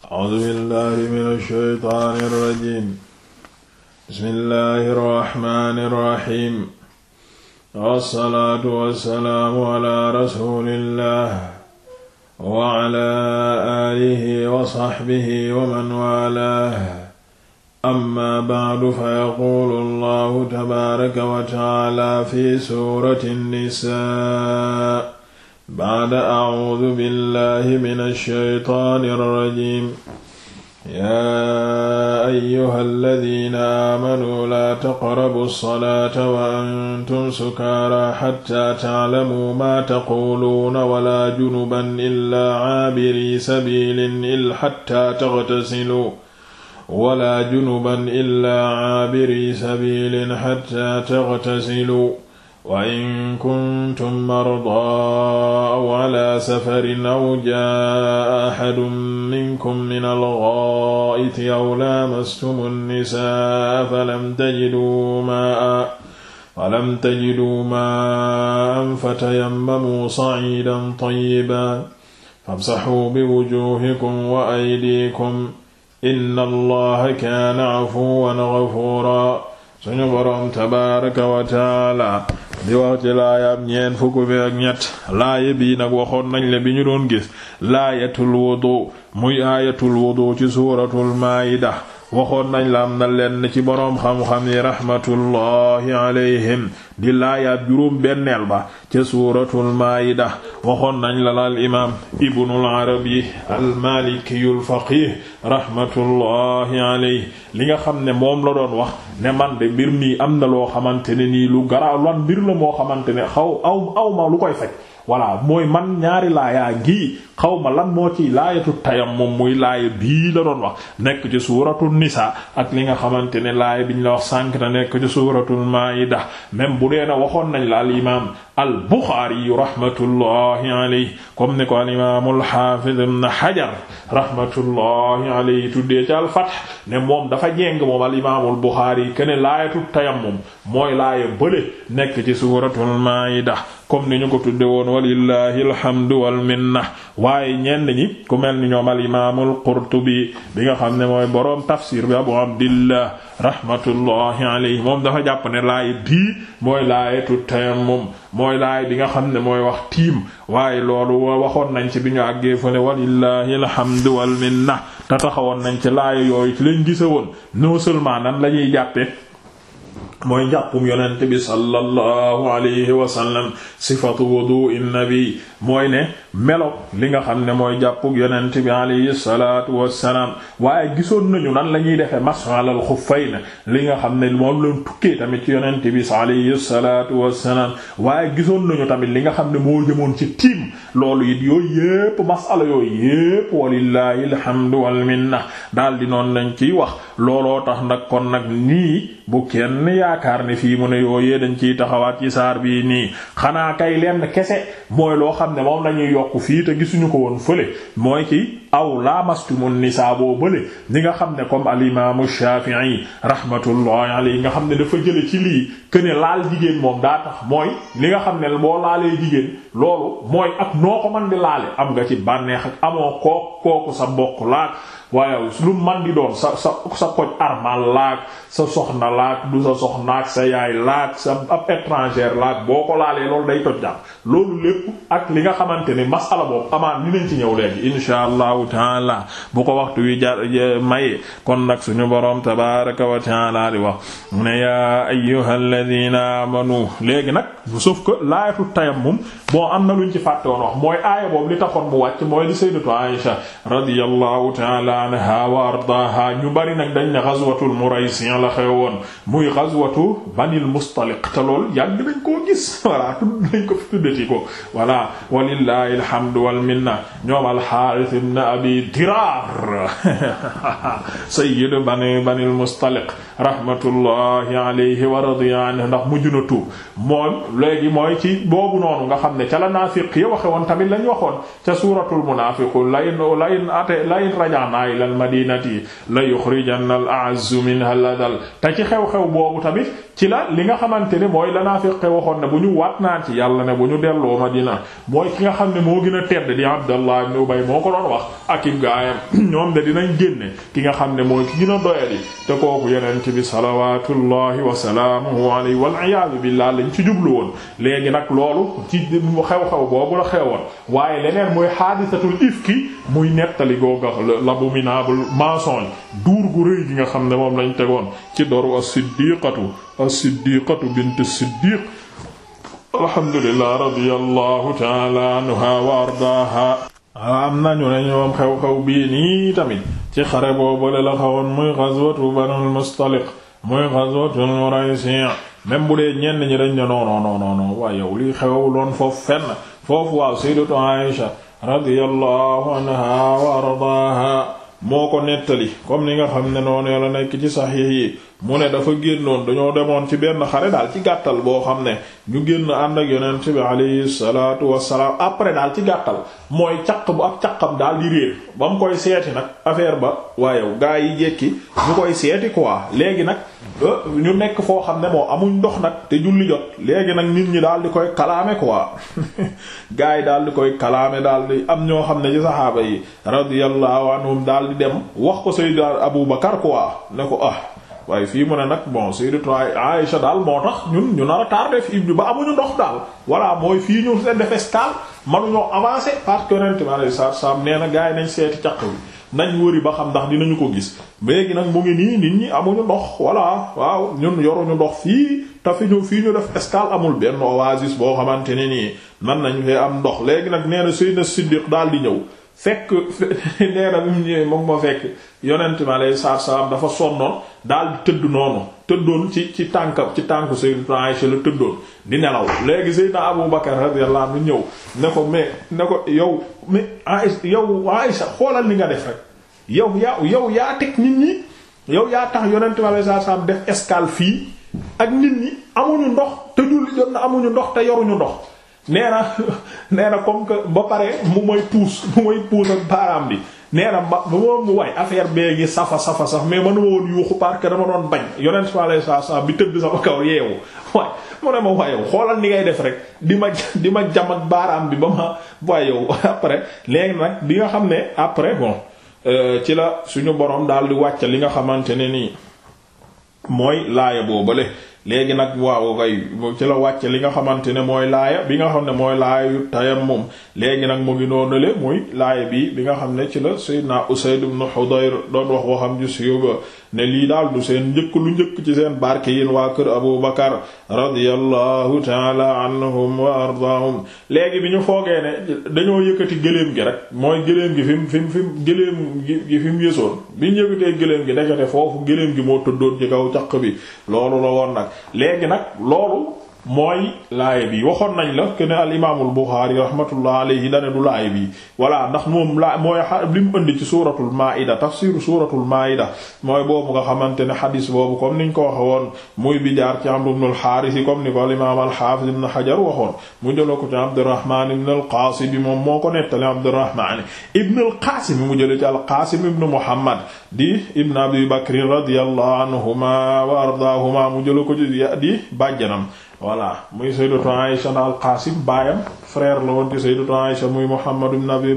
A'uuzu billaahi mina shaytaani rajiim bismillaahi rahmaani rahiim wassalaatu wassalaamu alaa rasuulillaah wa alaa aalihi wa sahbihi wa man waalaah amma ba'du fa yaquulu Allaahu tabaaraka wa ta'aalaa fi suurati nisaa baada acuudu billahi min alshaytaani alrajim yaa ayuha alladina aamanuu laa taqrabu alsalaata wa antum sukaaraa xatta taclamuu maa taquuluuna walaa junuban illaa caabirii sabiilin il xatta taqtasiluu walaa junuban illaa caabirii sabiilin xatta taqtasiluu wa in kuntum mardaa aw ala safarin aw jaa ahadun minkum min al-ghaa'iti aw laamastumu an-nisaa falam tajiduu maa'an falam tajiduu maa'an fatayammamuu sa'iidan tayyiban famsaxuu biwujuuhikum wa aydiikum inna allaha kaana afuwan gafuuraa suñu boroom tabaaraka wa ta'aala di wax ci laayaam ñeent fukk bi ak ñett laaya bii nag waxoon nañ la bi ñu doon gis laayatul wudu muy aayatul wudu ci suuratul maayida waxoon nañ la am na lenn ci boroom xam-xam yi rahmatullahi alayhim di laayaat juróom benneel ba ca suuratul maayida waxoon nañ la al imaam ibnul arabi al maalikiyu rahmatullahi alayhi li nga xam ne moom la doon wax ne man de mbir mii am na loo xamante ne nii lu garaaw lan mbir la moo xamante ne xaw aw aw ma lu koy faj voilà mooy man ñaari laayaa ngii xaw ma lan moo ci laayatu tayam moom muy laaya bi la doon wax nekk ci suuratu nisa ak li nga xamante ne laaya bi ñu la wax sànk na nekk ci suuratul maida même bu dee na waxoon nañ la al imam al buxaari rahmatullahi alayhi comme ni ko al imaam al xaafiz ibn hajar alayhi tuddee ci al-Fath ne moom dafa jeng moom al-Imaamul Buxaari kene laayatu tayammum mooy laaya bële nekk ci suuratul Maa'ida comme ni ñu ko tudde woon walillahi alhamdu wal minna waaye ñenn ñi ku mel ni ñoom al-Imaamul Qurtubi bi nga xam ne mooy boroom tafsir bi Abu Abdillah rahmatullahi alayhi moom dafa jàpp ne laaya bii mooy laayatu tayammum mooy laay bi nga xam ne mooy wax tiim waaye loolu waxoon nañ ci bi ñu àggee fële walillahi alhamdu wal te taxawoon nañ ci laaya yooyu ci lañ gise woon non seulement nan la ñuy jàppe mooy njàppum yonent bi sallallahu alayhi wa sallam sifatu wudu in nabi mooy ne melo li nga xam ne mooy jàppug yonent bi alayhi salaatu wassalaam waaye gisoon nañu nan la ñuy defee masu alal xuffayn li nga xam ne moom lañ tukkee tamit ci yonent bi alayhi salaatu wassalaam waaye gisoon nañu tamit li nga xam ne moo jëmoon ci tiim loolu it yooyu yépp masala yooyu yépp walillahi alhamdu wal minna daal di noonu lañ ciy wax looloo tax nag kon nag nii bu kenn yaakaar ne fii mu ne yooyee dañ ciy taxawaat ci saar bii nii xanaa kay lenn kese mooy loo xam xam ne moom lañuy yokk fii te gisuñu ko woon fële mooy ki aw laamastumun nisaa boo bële ñi nga xam ne comme al imaamu Shaafi'i rahmatullahi alayhi nga xam ne dafa jële ci lii këne laal jigéen moom daa tax mooy li nga xam ne boo laalee jigéen loolu mooy ak noo ko mën di laale am nga ci bànneex ak amoo kook kooku sa mbokk laak waaye lu man di doon sa sa sa koj armal laak sa soxna laak du sa soxnaak sa yaay laak sa ab laa laak boo ko laalee loolu day toj jàpp loolu lépp ak li nga xamante ni masala boobu amaan ni nañ ci ñëw léegi insha allahu taala bu ko waxtu wi jar mayee kon nag suñu boroom tabaraka wa taala di wax mu ne yaa ayyuhal ladina amanu léegi nag sauf que laayatu tayammum bon am na luñ ci fàtte woon wax mooy aaya boobu li taxoon mu wàcc mooy li sayyidatu Aisha radiyallahu anha wa ardaaha ñu bari nag dañ ne ghazwatul Muraysi' la xewoon muy ghazwatu Banil Mustaliq te lool yàgg nañ koo gis voilà tudd nañ ko fi tuddati ko voilà walillahi alhamdu wal minna ñoom al-Harith ibn Abi Dirar sayyidu bani Banil Mustaliq rahmatullahi alayhi wa radiya anhu ndax mujj na tuub moom léegi mooy ci boobu noonu nga xam ne ca la naafiq ya waxe woon tamit lañ waxoon ca suuratul munaafiqun layin layin ate layin raja'naa ila al madinati la yuxrijanna al a'azzu minha al adal te ci xew-xew boobu tamit ci la li nga xamante ne mooy la naafiqe waxoon ne bu ñu waat naa ci yàlla ne bu ñu delloo Madina mooy ki nga xam ne moo gën a tedd di Abdallah ibn Ubay moo ko doon wax ak i gaayam ñoom de dinañ génne ki nga xam ne mooy ki gën a doyadi te kooku yeneen yonent bi salawatullahi wa salaamuhu alayhi wal iyaadu billah lañ ci jublu woon léegi nag loolu ci xew-xew boobu la xewoon waaye leneen mooy xaadisatul ifki muy nettali googa l'abominable mensonge duur gu rëy gi nga xam ne moom lañ tegoon ci doru as-siddiqatu as-siddiqatu bint siddiq alhamdulillah radiyallahu taala anha wa ardaaha ah, am nañu ne ñoom xew-xew bii tamit ci xare boobale la xawoon muy ghazwatu banul mustaliq muy ghazwatul muraysi' même bu dee ñenn ñi dañ ne non non non non waaye yow li xewuloon foofu fenn foofu waaw sayyidatu wa ardaaha moo ko nettali comme ni nga xam ne noonu la nekk ci saxiix yi mu ne dafa génnoon dañoo demoon ci benn xare daal ci gàttal boo xam ne ñu génn ànd ak yonent bi alayhi salaatu wassalaam après daal ci gàttal mooy caq bu ak caqam daal di réer ba mu koy seeti nag affaire ba waaye gaa yi jekki ñu koy seeti quoi léegi nag ñu nekk foo xam ne moo amuñ ndox nag te julli jot léegi nag nit ñi daal di koy kalaame quoi gaa yi daal di koy kalaame daal di am ñoo xam ne ci saxaaba yi radiyallahu anhum daal di dem wax ko sayyid Abu Bakar quoi ne ko ah waaye fii mu ne nag bon Sayyidatu Aïcha daal moo tax ñun ñu nar a tardé fi ba amuñu ndox daal voilà mooy fii ñu seen def escale mënuñoo avancé par que yonent bi alayhi salaatu salaam nee na gars yi nañ seeti caq bi nañ wëri ba xam ndax dinañu ko gis léegi nag mu ngi nii nit ñi amuñu ndox voilà waaw ñun yoruñu ndox fii te fi ñu fii ñu def escale amul benn oasis boo xamante ne nii man nañ fee am ndox léegi nag nee na Sayyidna Siddiq daal di ñëw fekk nee na bi mu ñëwee moo fekk yonent mi sa salaatu salaam dafa sonnoon daal tëdd noonu tëddoon ci ci tànk ci tànku Sayyidatu Aïsha la tëddoon di nelaw léegi Sayyidina Abu Bakar radiyallahu anhu ñëw ne ko mais ne ko yow mais Aïsha yow Aïsha xoolal li nga def rek yow yaa yow yaa teg nit ñi yow yaa tax yonent mi alayhi salaatu salaam def escale fii ak nit ñi amuñu ndox tëjul jot na amuñu ndox te yoruñu ndox nee na nee na comme que ba pare mu may puus mu may puus ak baaraam bi nee na ba moom mu way affaire bee gi safa safa sax mais ma woon yuuxu parce que dama doon bañ yonent fa alei saatu salam bi tëdd sama kaw yeewu waay ne ma wayow xoolal ni ngay def rek di ma di ma jam ak baaraam bi ba ma wayow après léegi nag bi nga xam ne après bon euh, ci la suñu borom daal di wàcc li nga xamante ne nii mooy laaya boobale léegi nag waaw kay ci la wàcc li nga xamante ne mooy laaya bi nga xam ne mooy laaya yu moom léegi nag mu ngi noonale mooy laaya bi bi nga xam ne ci la sayyidna Usayd ibn Hudayr doon wax waxam ju siiw ba ne lii daal du seen njëkk lu njëkk ci seen barke yin waa kër Abu Bakar radiyallahu taala anhum wa ardaahum léegi bi ñu foogee ne dañoo yëkkati gëléem gi rek mooy gëléem gi fim fim fim gëléem gi fim yësoon bi ñu yëkkatee gëléem gi ndekete foofu gëléem gi moo tëddoon ci kaw caq bi loolu la woon léegi nag loolu mooy laay bi waxoon nañ la que ne al imaamul Buxaari rahmatullah alayhi dane du laay bi voilà ndax moom laa mooy li mu ënd ci suuratul maida tafsiru suuratul maida mooy boobu nga xamante ne xadis boobu comme niñ ko waxe woon muy bi jaar ci Amr ibn al comme ni ko al imaam al-Haafiz ibn Hajar waxoon mu jëla ko ci Abdurrahmaan ibn al-Qaasim bi moom moo ko nettali Abdurrahmaan ibn al-Qaasim mu jële ci al-Qaasim ibn Muhammad di ibn Abi Bakr radiyallahu anhuma wa ardaahuma mu jëla ko ci di bàjjanam voilà muy sayyidatu Aïsha al Qaasim baayam frère la woon ci sayyidatu Aïsha muy Muhammad ibn Abi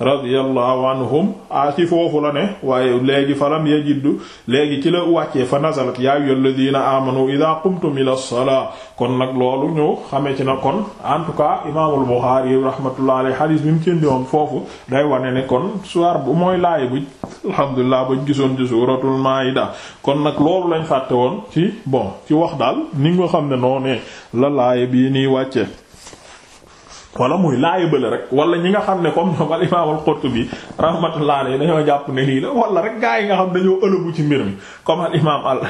radiyallahu anhum a ci foofu la ne waaye léegi falam yajiddu léegi ci la wàccee fa nazalat yaa ayyuhal ladina amanu idha qumtum ila salaa kon nag loolu ñu xamee ci na kon en tout cas imaamul Buxaari rahmatullah alayhi hadis bi mu cindi woon foofu day wane ne kon suwaar bu mooy laay bu alhamdulilah bañ gisoon ci suuratul maayida kon nag loolu lañ fàtte woon ci bon ci wax daal ni nga xam ne noonee la laay bii nii wàccee wala muy laayabale rek wala ñi nga xam ne comme ñoom al imaam bi qurtubi rahmatullah alayhi dañoo jàpp ne lii la wala rek gaa yi nga xam dañoo ëlëbu ci mbir mi comme al al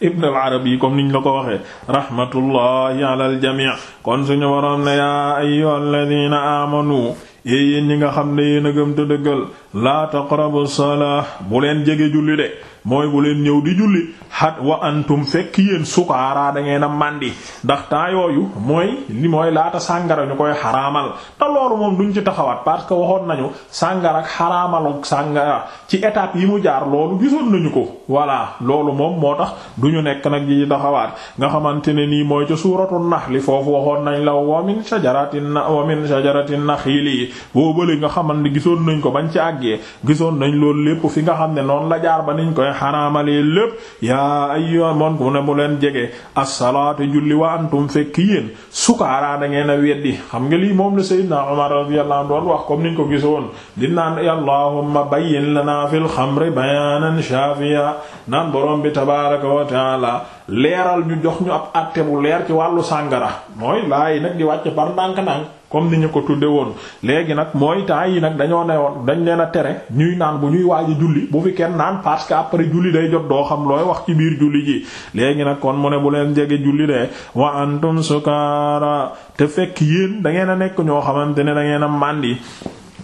ibn al arabi comme niñ la ko waxee rahmatullahi ala al jamii kon suñu waroon ne yaa ayyuhalladhina amanu yéen ñi nga xam ne yéen a gëm te dëggal laa taqrabu salaa bu leen jege julli de mooy bu leen ñëw di julli xat wa antum fekk yéen sukaaraa da ngeen a màndi ndax temps yooyu mooy li mooy laata sàngara ñu koy xaraamal te loolu moom duñu ci taxawaat parce que waxoon nañu sàngara ak xaraamalu sàngara ci étape yi mu jaar loolu gisoon nañu ko voilà loolu moom moo tax du ñu nekk nag yi taxawaat nga xamante ne nii mooy ca suuratu naxli foofu waxoon nañ la wa min shajaratin wa min shajaratin naxili boo bële nga xamante nañ ko bañ ci yàggee gisoon nañ loolu lépp fi nga xam ne noonu la jaar ba niñ koy xaraamalee lépp yaa ayyo moon mu ne mu leen jege assalaatu julli wa antum fekk yéen sukaaraa da ngeen a weddi xam nga lii moom la sayyidna Umar radiyallahu anhu doon wax comme niñ ko gisoon di naan allahumma bayyin lana fil xamri bayanan shafiya naan borom bi tabaraka wa taala leeral ñu jox ñu ab àtte bu leer ci wàllu sàngara mooy laay nag di wàcc par ndànk-ndànk comme ni ñu ko tudde woon léegi nag mooy temps yi nag dañoo ne woon dañ leen a tere ñuy naan bu ñuy waaji julli bu fi kenn naan parce que après julli day jot doo xam looy wax ci biir julli ji léegi nag kon mu ne bu leen jege julli de wa antum sukaara te fekk yéen da ngeen a nekk ñoo xamante ne da ngeen a màndi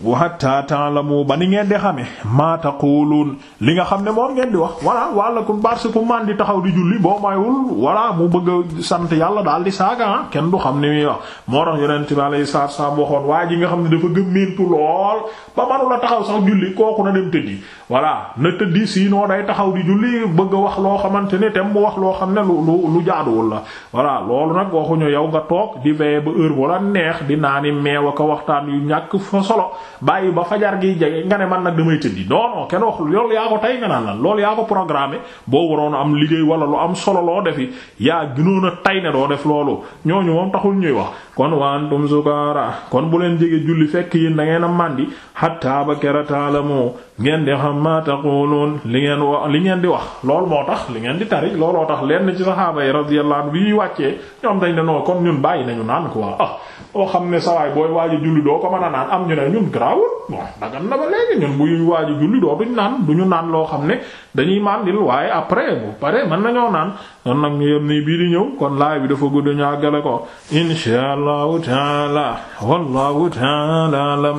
wa la ta'lamu ba ni ngeen di xamee ma taqulun li nga xam ne moom ngeen di wax voilà walakum parce que man di taxaw di julli boo mayul voilà mu bëgg sant yàlla daal di saaga ah, kenn du xam ne muy wax moo tax yonent bi alayhi salaatu wa salaam waxoon waa ji nga xam ne dafa gëm meentu lool ba manula taxaw sax julli kooku na dem tëddi voilà na tëddi noo day taxaw di julli bëgg wax loo xamante ne tem bu wax loo xam ne lu lu lu jaaduwul la voilà loolu nag waxuñu yow nga toog di veillé ba heure bu la neex di naani meew ko waxtaan yu ñàkk fa solo bàyyi ba fajar gi jege nga ne man nag damay tëddi non non kenn wax loolu yaa ko tey nga naan lan loolu yaa ko programmé boo waroon am liggéey wala lu am solo loo defi yaa ginoon a tay ne doo def loolu ñooñu moom taxul ñuy wax kon wantum sukaara kon bu leen jege julli fekk yéen da ngeen a màndi hatta ba kerataalamu ngeen ma taqulun li ngeen wax li ngeen di wax loolu moo tax li ngeen di tari looloo tax lenn ci saxaaba yi radiyallahu anhu bi ñuy wàccee ñoom dañ ne non kon ñun bàyyi nañu naan quoi ah, a a naan am ñu ne ñun ba léegi ñun buy waaj loo xam ne dañuy màndil waaye après bu pare mën nañoo naan noonu nag ñu yem nii bii di ñëw kon laay bi dafa gudd ñu àggale ko insha allahu taala wallahu taala alam